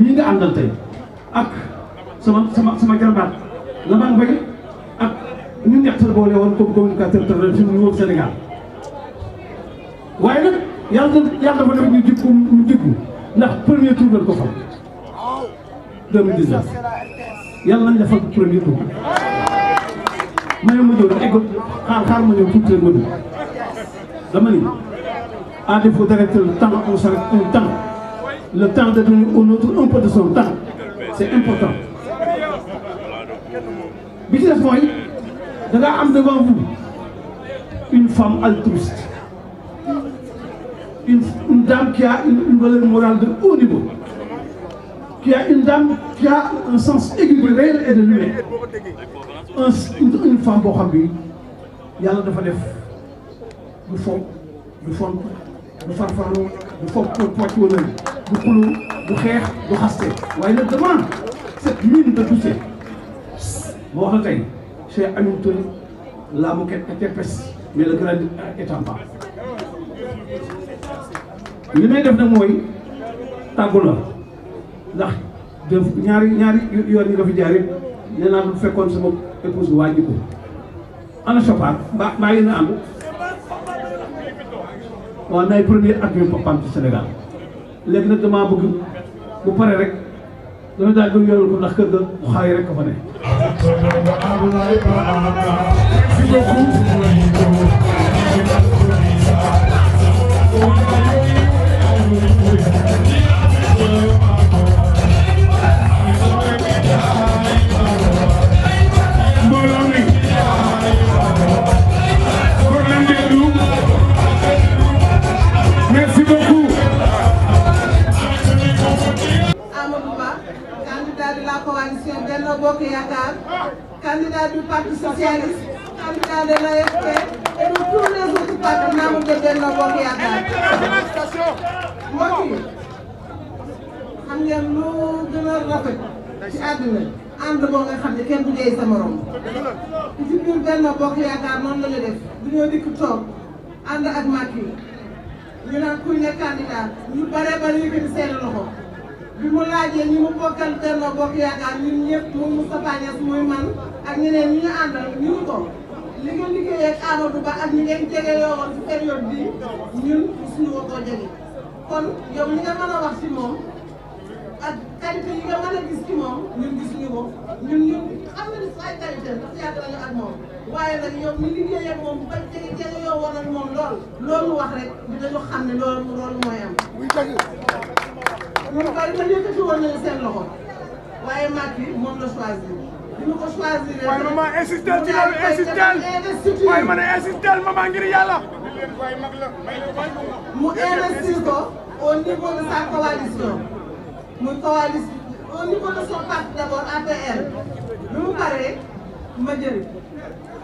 lii nga àndal tey ak sama sama sama jarbaat la man bëgg ak ñu ñett boole woon comme communicateur terrain fi mu Sénégal waaye nag yàlla yàlla dafa def ñu jikku ndax premier tour lañ ko fal 2019 yàlla nañ la fal premier tour ma ne ma ñëw rek egg xaar xaar ma ñëw tuuti rek ma dugg dama ni à défaut directeur temps on s'arrête le temps de donner au nôtre un peu de son temps c'est important bi ci des da am altruiste une dame qui a une, une morale de haut niveau qui a une dame qui a un sens aigu du réel et de l'humain un une femme boo xam bi yàlla dafa def du fomp du fomp du farfaroo du fomp pour poids wala. du xuloo du xeex du xaste waaye nag dama cette mine de douceur moo wax a tey Cheikh Aminou Touré la mais le granit étant bas li may def nag mooy tàggu la ndax def ñaari ñaari yoon yi nga fi jaar yëpp nee naa bu fekkoon sama épouse wàññi ko ana mbaa mbaa yéen a ànd waaw nay premier adjoint papam ci Sénégal léegi nag damaa bëgg bu rek dana daal di yorul ko ndax kër ga xaay rek ka fa ne. Thank you. la coalition Benno Bokk Yakaar candidat du parti socialiste candidat de de tous les autres partis membres de Benno Bokk Yakaar mbokk yi xam ngeen lu gën a kenn du dee sa morom ci biir Benno Bokk Yakaar noonu la ñu def dikk toog ànd ak Macky ñu naan kuy ne candidat ñu bare bare yëkkati seen loxo bi mu laajee ñi mu bokkal Benno Bokk Yaakaar ñun ñëpp muy Moustapha Niass muy man ak ñeneen ñi ñu àndal ñu ngi ko li nga liggéeyee ak Amadou Ba ak ñi ngeen jege yoo woon ci période bii ñun suñu war koo jege kon yow li nga mën a wax ci moom ak qualité yi nga mën a gis ci moom ñun gisuñu ko ñun ñun am nañu si ay qualité ndax yàgg nañu ak moom waaye nag yow mi liggéeyee ak moom ba jege jege yoo woon ak moom lool loolu wax rek dinañu xam ne loolu loolu mooy ñoom kaw ma yëkkati woon nañu seen loxo waaye Macky moom la choisir. bi ñu ko choisir. waaye maman insistel ci loolu insistel waaye ma ne insistel yàlla. mu investir ko au niveau de sa coalition. muy coalition au niveau de son parti d'abord APR. bi mu paree ma jëriñ.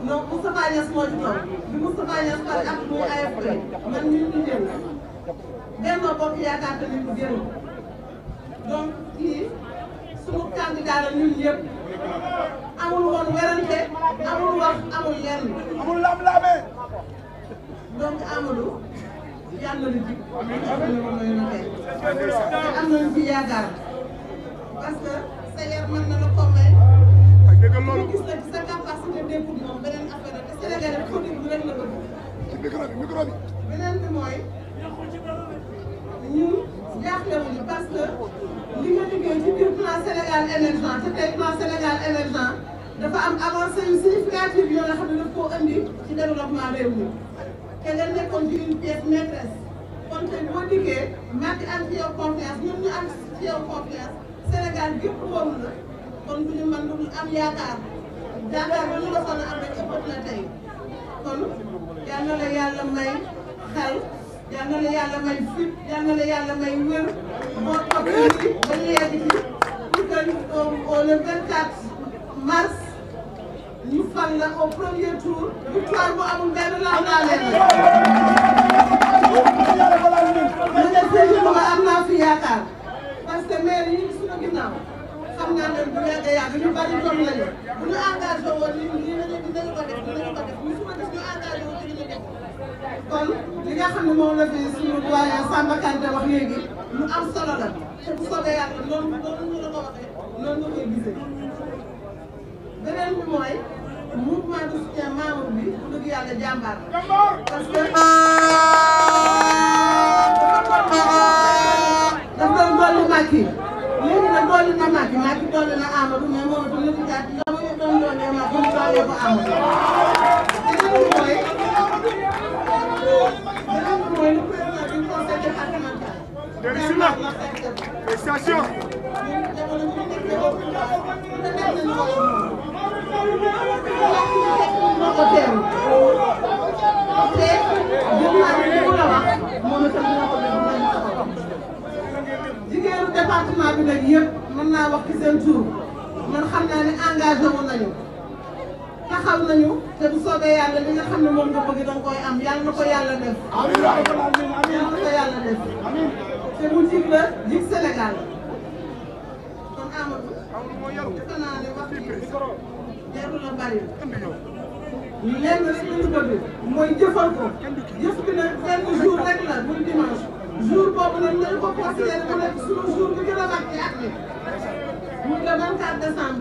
donc Moustapha Niass moo ci toog bi Moustapha Niass pare ak muy AFP man mii ñu jëriñ. benn bokk yaakaar tamit mu jëriñ. donc kii suñu candidat la ñun ñëpp amul woon werante amul wax amul yenn. amul lam-lame. donc Amadou yàlla na jub. am nañu fi yaakaar parce que sa yar mën na la convaincre. gis na ci sa capacité d'écoute moom beneen affaire te Sénégalais politique bu leen la bëgg. ci micro bi micro bi. beneen bi mooy ñun jaaxlewuñu bi ma duggee ci biir plan Sénégal émergent te tey plan Sénégal émergent dafa am avancé yu significative yoo xam ne daf koo ci développement réew mi te nga nekkoon ci une pièce kon tey boo diggee Macky am ci yow confiance ñun ñu am ci yow confiance Sénégal gépp boobu la kon bu ñu mën lu am yaakaar yaakaar ba ñu la soxla am rek ëpp na tey kon yal la yàlla may xel. yal na la yàlla may fit yal na la yàlla may wér boo toog ci ba léegi ci pour que le 24 mars ñu fal la au premier tour victoire bu amul benn law naa leen la. ñu ne Seydou Touba am naa fi yaakaar parce que maire yi ñu ngi suñu ginnaaw xam naa ne bu yàgg a yàgg ñu bari doom lañu bu ñu engagé woon nga xam ne moom la fi suñu doyen Samba Kanté wax léegi lu am solo la te bu soobee yàlla noonu noonu ñu la ko waxee noonu nga koy gisee. beneen bi mooy mouvement de soutien membre bi bu dëgg yàlla jàmbaar parce que daf doon dolli Macky léegi nag dolli na Macky Macky dolli na Amadou mais moom itam li mu jaajëf dama doon doon ne Macky mu doon yóbbu Amadou. Derissima félicitations jigéenu département bi nag yëpp mën naa wax ci seen tur man xam ne engagé woon nañu taxaw nañu te bu soobee yàlla li xam ne moom nga bëgg danga koy am yàlla na ko yàlla def yàlla na ko yàlla def te mu jig la jig Sénégal kon Amadou defe naa ne wax bi jarul la bari lenn rek li ñu bëgg mooy jëfal ko jëf bi nag benn jour rek la muy dimanche jour boobu nag nañu ko considéré mu nekk suñu jour bi gën a mag ci at mi muy le 24 décembre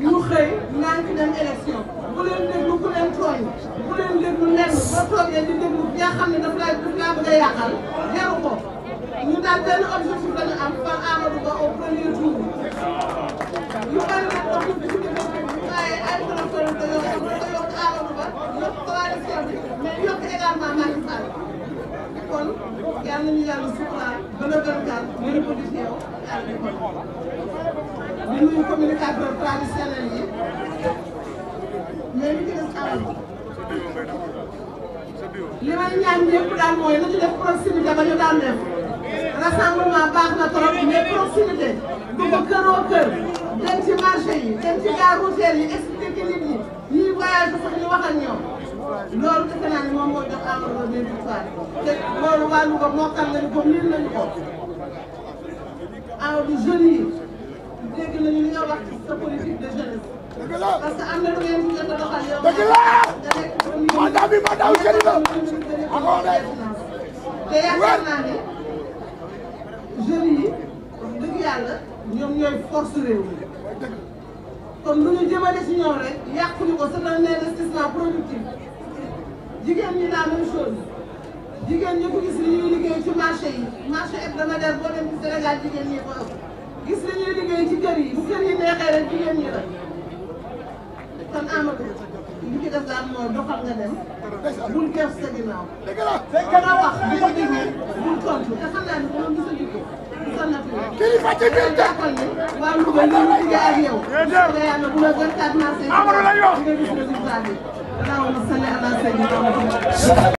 ñu xëy naan ci dem élection bu leen déglu ku leen tooñ bu leen déglu lenn ba toogee di déglu yaa xam ne daf laa daf laa bëgg a yàqal jaru ko ñu daal benn objectif la ñu am par Amadou Ba au premier tour ñu bari nag wax dëgg ci dëkk bi waaye ay transfert la yoo xam ne yokk Amadou Ba yokk coalition bi mais yokk également Macky Sall kon yal nañu yàlla suturaal ba le 24 ñu révolution ak di ko nuyu communicateur traditionnel yi mais li ci des Amadou li may ñaan ñëpp daal mooy na ñu def proximité ba ñu daan def rassemblement baax na trop mais proximité dugg këroo kër dem ci marché yi dem ci gare routière yi expliqué nit ñi ñuy voyage sax ñu wax ak ñoom loolu defe naa ni moom moo jox Amadou Ba victoire te loolu wàllu ko mokkal nañu ko miin nañu ko Amadou jeunes yi dégg nañu li nga wax ci sa politique de jeunesse parce lu ngeen jot a doxal yow. dëgg la mandat te yaakaar naa jeunes yi wax dëgg yàlla ñoom ñooy force réew mi kon lu ñu jëmale si ñoom rek yàquñu ko c'est un investissement productif jigéen ñi la même chose jigéen ñi ko gis li liggéey ci marché yi marché hebdomadaire boo dem ci Sénégal jigéen ñi ko gis li liggéey ci kër yi bu kër yi neexee rek jigéen ñi la kon Amadou li ci des daal mooy doxal nga dem bul kees sa ginnaaw. dëgg la wax bi ko déglu bul tontu te xam naa ne bu doon gis sa nature. kilifa ci biir jàppal ne waa Louga li ñu liggéey ak yow. nga yàlla bu la gën a mars. amul la yow nga gis résultat bi.